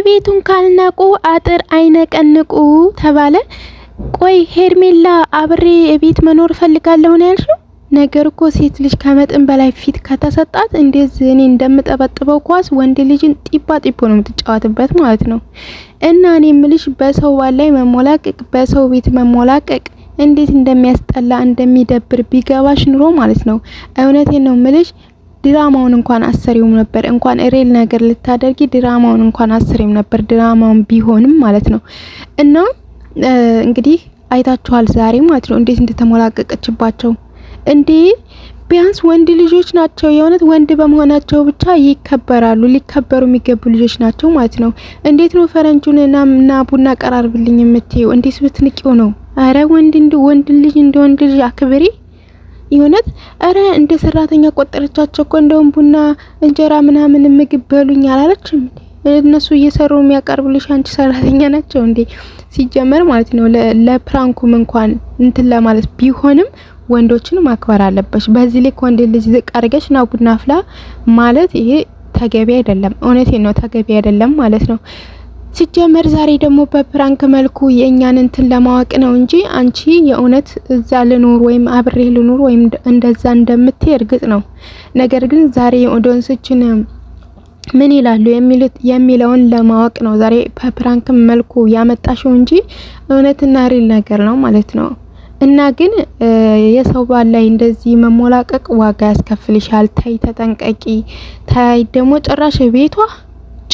ባለቤቱን ካልናቁ አጥር አይነቀንቁ ተባለ። ቆይ ሄርሜላ አብሬ የቤት መኖር ፈልጋለሁ ነው ያልሽው? ነገር እኮ ሴት ልጅ ከመጠን በላይ ፊት ከተሰጣት እንዴት እኔ እንደምጠበጥበው ኳስ ወንድ ልጅን ጢባ ጢቦ ነው የምትጫወትበት ማለት ነው። እና እኔ ምልሽ በሰው ባል ላይ መሞላቀቅ፣ በሰው ቤት መሞላቀቅ እንዴት እንደሚያስጠላ እንደሚደብር ቢገባሽ ኑሮ ማለት ነው። እውነቴን ነው ምልሽ ድራማውን እንኳን አሰሪውም ነበር እንኳን ሬል ነገር ልታደርጊ ድራማውን እንኳን አሰሪውም ነበር ድራማውን ቢሆንም ማለት ነው። እና እንግዲህ አይታችኋል ዛሬ ማለት ነው እንዴት እንደተሞላቀቀችባቸው እንዴ! ቢያንስ ወንድ ልጆች ናቸው። የእውነት ወንድ በመሆናቸው ብቻ ይከበራሉ፣ ሊከበሩ የሚገቡ ልጆች ናቸው ማለት ነው። እንዴት ነው ፈረንጁን እና ቡና ቀራርብልኝ የምትየው? እንዴት ብትንቂው ነው? አረ ወንድ እንደ ወንድ ልጅ እንደ ወንድ ልጅ አክብሬ የእውነት እረ እንደ ሰራተኛ ቆጠረቻቸው እኮ እንደውም ቡና እንጀራ ምናምን ምግብ በሉኝ አላለችም። እነሱ እየሰሩ የሚያቀርብልሽ አንቺ ሰራተኛ ናቸው እንዴ? ሲጀመር ማለት ነው ለፕራንኩም እንኳን እንትን ለማለት ቢሆንም ወንዶችን ማክበር አለበች። በዚህ ልክ ወንድ ልጅ ዝቅ አድርገሽ ና ቡና አፍላ ማለት ይሄ ተገቢ አይደለም። እውነቴ ነው፣ ተገቢ አይደለም ማለት ነው። ሲጀመር ዛሬ ደግሞ በፕራንክ መልኩ የእኛን እንትን ለማወቅ ነው እንጂ አንቺ የእውነት እዛ ልኑር ወይም አብሬ ልኑር ወይም እንደዛ እንደምትይ እርግጥ ነው። ነገር ግን ዛሬ ኦዶንስችን ምን ይላሉ የሚለውን ለማወቅ ነው ዛሬ በፕራንክ መልኩ ያመጣሽው እንጂ እውነትና ሪል ነገር ነው ማለት ነው። እና ግን የሰው ባል ላይ እንደዚህ መሞላቀቅ ዋጋ ያስከፍልሻል። ታይ ተጠንቀቂ። ታይ ደግሞ ጭራሽ ቤቷ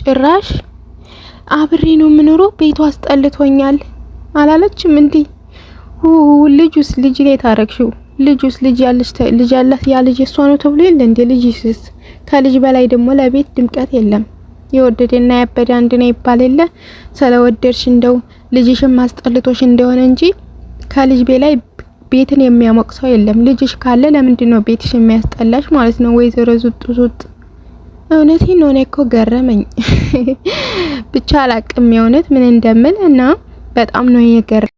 ጭራሽ አብሬ ነው የምኖረው፣ ቤቱ አስጠልቶኛል አላለችም? እንዲህ ልጁስ ልጅ ላይ ታረክሽው? ልጁስ ልጅ ያለሽ ልጅ ያላት ያ ልጅ እሷ ነው ተብሎ የለ እንዴ? ልጅስ ከልጅ በላይ ደግሞ ለቤት ድምቀት የለም። የወደደና ያበደ አንድ ነው ይባል የለ? ስለወደድሽ እንደው ልጅሽን ማስጠልቶሽ እንደሆነ እንጂ ከልጅ በላይ ቤትን የሚያሞቅ ሰው የለም። ልጅሽ ካለ ለምንድን ነው ቤትሽ የሚያስጠላሽ ማለት ነው? ወይዘሮ ዙጥ ዙጥ እውነት ነው። እኔ እኮ ገረመኝ ብቻ አላቅም የእውነት ምን እንደምል እና በጣም ነው የገረ